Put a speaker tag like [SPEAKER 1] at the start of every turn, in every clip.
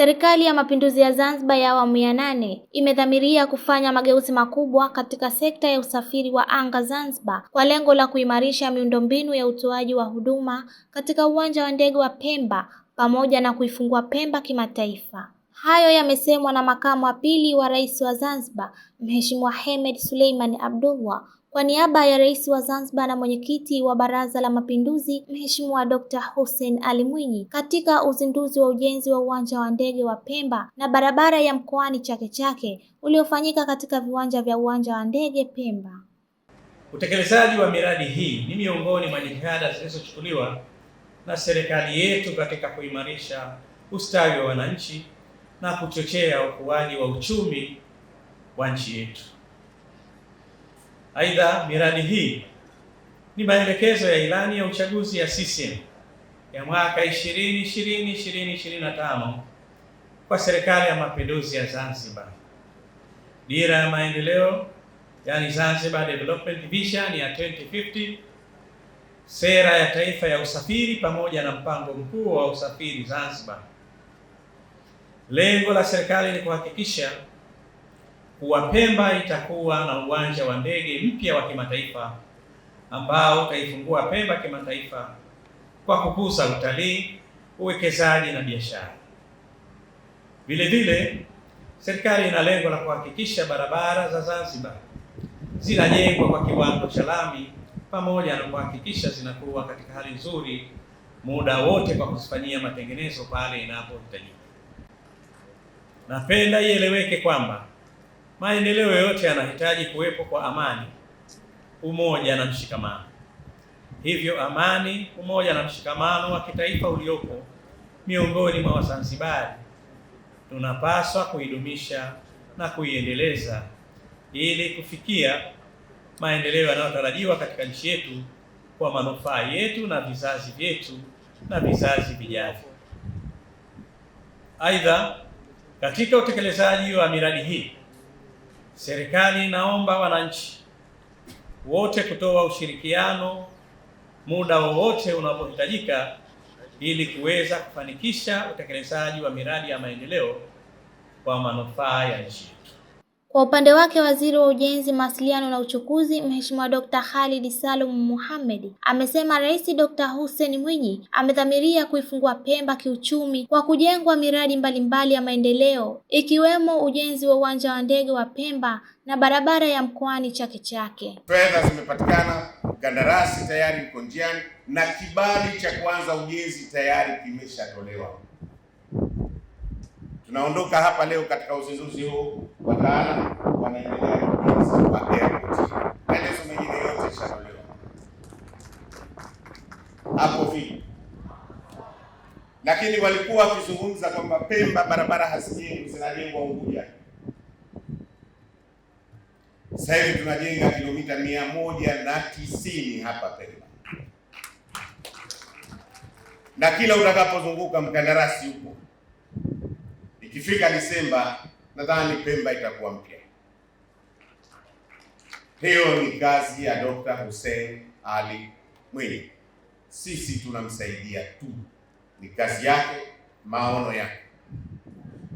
[SPEAKER 1] Serikali ya Mapinduzi ya Zanzibar ya awamu ya nane imedhamiria kufanya mageuzi makubwa katika sekta ya usafiri wa anga Zanzibar kwa lengo la kuimarisha miundombinu ya utoaji wa huduma katika uwanja wa ndege wa Pemba pamoja na kuifungua Pemba kimataifa. Hayo yamesemwa na makamu wa pili wa rais wa Zanzibar, Mheshimiwa Hemed Suleiman abdullah kwa niaba ya Rais wa Zanzibar na Mwenyekiti wa Baraza la Mapinduzi, Mheshimiwa Dr. Hussein Ali Mwinyi, katika uzinduzi wa ujenzi wa uwanja wa ndege wa Pemba na barabara ya mkoani Chake Chake uliofanyika katika viwanja vya uwanja wa ndege Pemba.
[SPEAKER 2] Utekelezaji wa miradi hii ni miongoni mwa jitihada zilizochukuliwa na serikali yetu katika kuimarisha ustawi wa wananchi na kuchochea ukuaji wa uchumi wa nchi yetu. Aidha, miradi hii ni maelekezo ya ilani ya uchaguzi ya CCM ya mwaka 2020 2025 kwa serikali ya mapinduzi ya Zanzibar. Dira ya maendeleo yani Zanzibar Development Vision ya 2050, sera ya taifa ya usafiri pamoja na mpango mkuu wa usafiri Zanzibar. Lengo la serikali ni kuhakikisha kuwa Pemba itakuwa na uwanja wa ndege mpya wa kimataifa ambao utaifungua Pemba kimataifa kwa kukuza utalii, uwekezaji na biashara. Vile vile serikali ina lengo la kuhakikisha barabara za Zanzibar zinajengwa kwa kiwango cha lami pamoja na kuhakikisha zinakuwa katika hali nzuri muda wote kwa kuzifanyia matengenezo pale inapohitajika. Napenda ieleweke kwamba Maendeleo yoyote yanahitaji kuwepo kwa amani, umoja na mshikamano. Hivyo amani, umoja na mshikamano wa kitaifa uliopo miongoni mwa Wazanzibari tunapaswa kuidumisha na kuiendeleza ili kufikia maendeleo yanayotarajiwa katika nchi yetu kwa manufaa yetu na vizazi vyetu na vizazi vijavyo. Aidha, katika utekelezaji wa miradi hii Serikali inaomba wananchi wote kutoa ushirikiano muda wowote unapohitajika ili kuweza kufanikisha utekelezaji wa miradi ya maendeleo kwa manufaa ya nchi yetu.
[SPEAKER 1] Kwa upande wake Waziri wa Ujenzi, Mawasiliano na Uchukuzi, Mheshimiwa Dr. Khalid Salum Mohamed amesema Rais Dr. Hussein Mwinyi amedhamiria kuifungua Pemba kiuchumi kwa kujengwa miradi mbalimbali mbali ya maendeleo ikiwemo ujenzi wa uwanja wa ndege wa Pemba na barabara ya Mkoani Chake Chake.
[SPEAKER 3] Fedha zimepatikana, kandarasi tayari iko njiani na kibali cha kuanza ujenzi tayari kimeshatolewa. Tunaondoka hapa leo katika uzinduzi huu, taala, wanaendelea wa airport. Maelezo mengine yote ishatolewa hapo vile, lakini walikuwa wakizungumza kwamba Pemba barabara hazijengi zinajengwa Unguja. Sasa hivi tunajenga kilomita mia moja na tisini hapa Pemba, na kila utakapozunguka mkandarasi huko Ikifika Disemba nadhani Pemba itakuwa mpya. Hiyo ni kazi ya Dr. Hussein Ali Mwinyi. Sisi tunamsaidia tu, ni kazi yake, maono yake.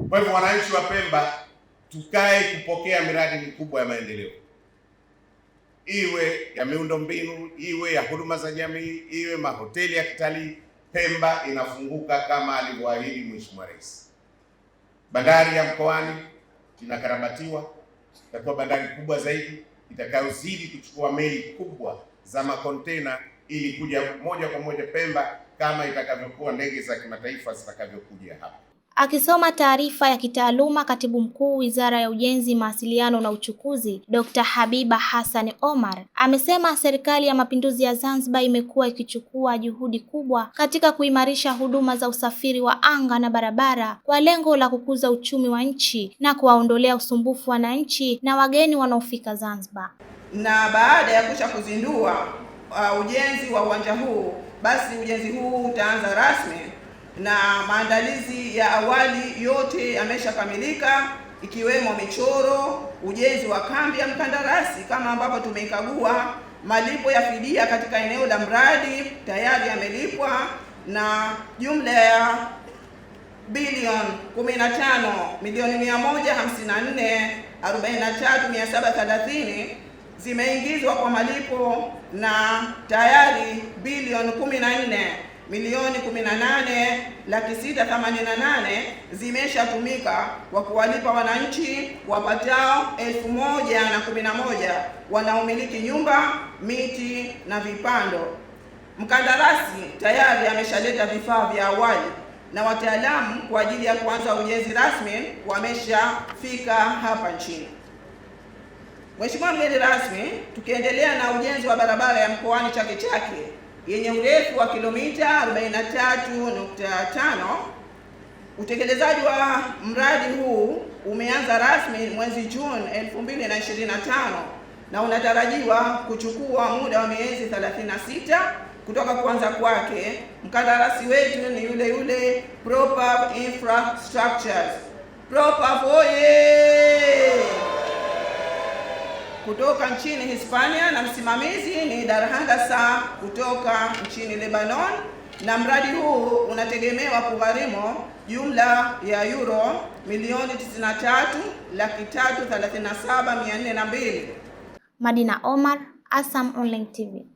[SPEAKER 3] Kwa hivyo wananchi wa Pemba tukae kupokea miradi mikubwa ya maendeleo, iwe ya miundo mbinu iwe ya huduma za jamii, iwe mahoteli ya kitalii. Pemba inafunguka kama alivyoahidi Mheshimiwa Rais. Bandari ya Mkoani inakarabatiwa, itakuwa bandari kubwa zaidi itakayozidi kuchukua meli kubwa za makontena ili kuja moja kwa moja Pemba kama itakavyokuwa ndege za kimataifa zitakavyokuja hapa.
[SPEAKER 1] Akisoma taarifa ya kitaaluma, katibu mkuu Wizara ya Ujenzi, Mawasiliano na Uchukuzi, Dkt. Habiba Hassan Omar amesema Serikali ya Mapinduzi ya Zanzibar imekuwa ikichukua juhudi kubwa katika kuimarisha huduma za usafiri wa anga na barabara kwa lengo la kukuza uchumi wa nchi na kuwaondolea usumbufu wananchi na wageni wanaofika Zanzibar.
[SPEAKER 4] Na baada ya kucha kuzindua uh, ujenzi wa uwanja huu, basi ujenzi huu utaanza rasmi na maandalizi ya awali yote yameshakamilika ikiwemo michoro, ujenzi wa kambi ya mkandarasi kama ambavyo tumeikagua. Malipo ya fidia katika eneo la mradi tayari yamelipwa na jumla ya bilioni 15 milioni 154 43730 zimeingizwa kwa malipo na tayari bilioni 14 milioni 18 laki sita na nane zimeshatumika kwa kuwalipa wananchi wapatao elfu moja na moja wanaomiliki nyumba, miti na vipando. Mkandarasi tayari ameshaleta vifaa vya awali na wataalamu kwa ajili ya kuanza ujenzi rasmi wameshafika hapa nchini. Mheshimiwa mgeni rasmi, tukiendelea na ujenzi wa barabara ya mkoani Chake Chake yenye urefu wa kilomita 43.5. Utekelezaji wa mradi huu umeanza rasmi mwezi Juni 2025 na unatarajiwa kuchukua muda wa miezi 36 kutoka kuanza kwake. Mkandarasi wetu ni yule yule Propap Infrastructures. Propap oye! kutoka nchini Hispania na msimamizi ni Darhanda Sa kutoka nchini Lebanon, na mradi huu unategemewa kugharimu jumla ya euro milioni 93 laki tatu mia
[SPEAKER 1] Madina Omar, ASAM Online TV.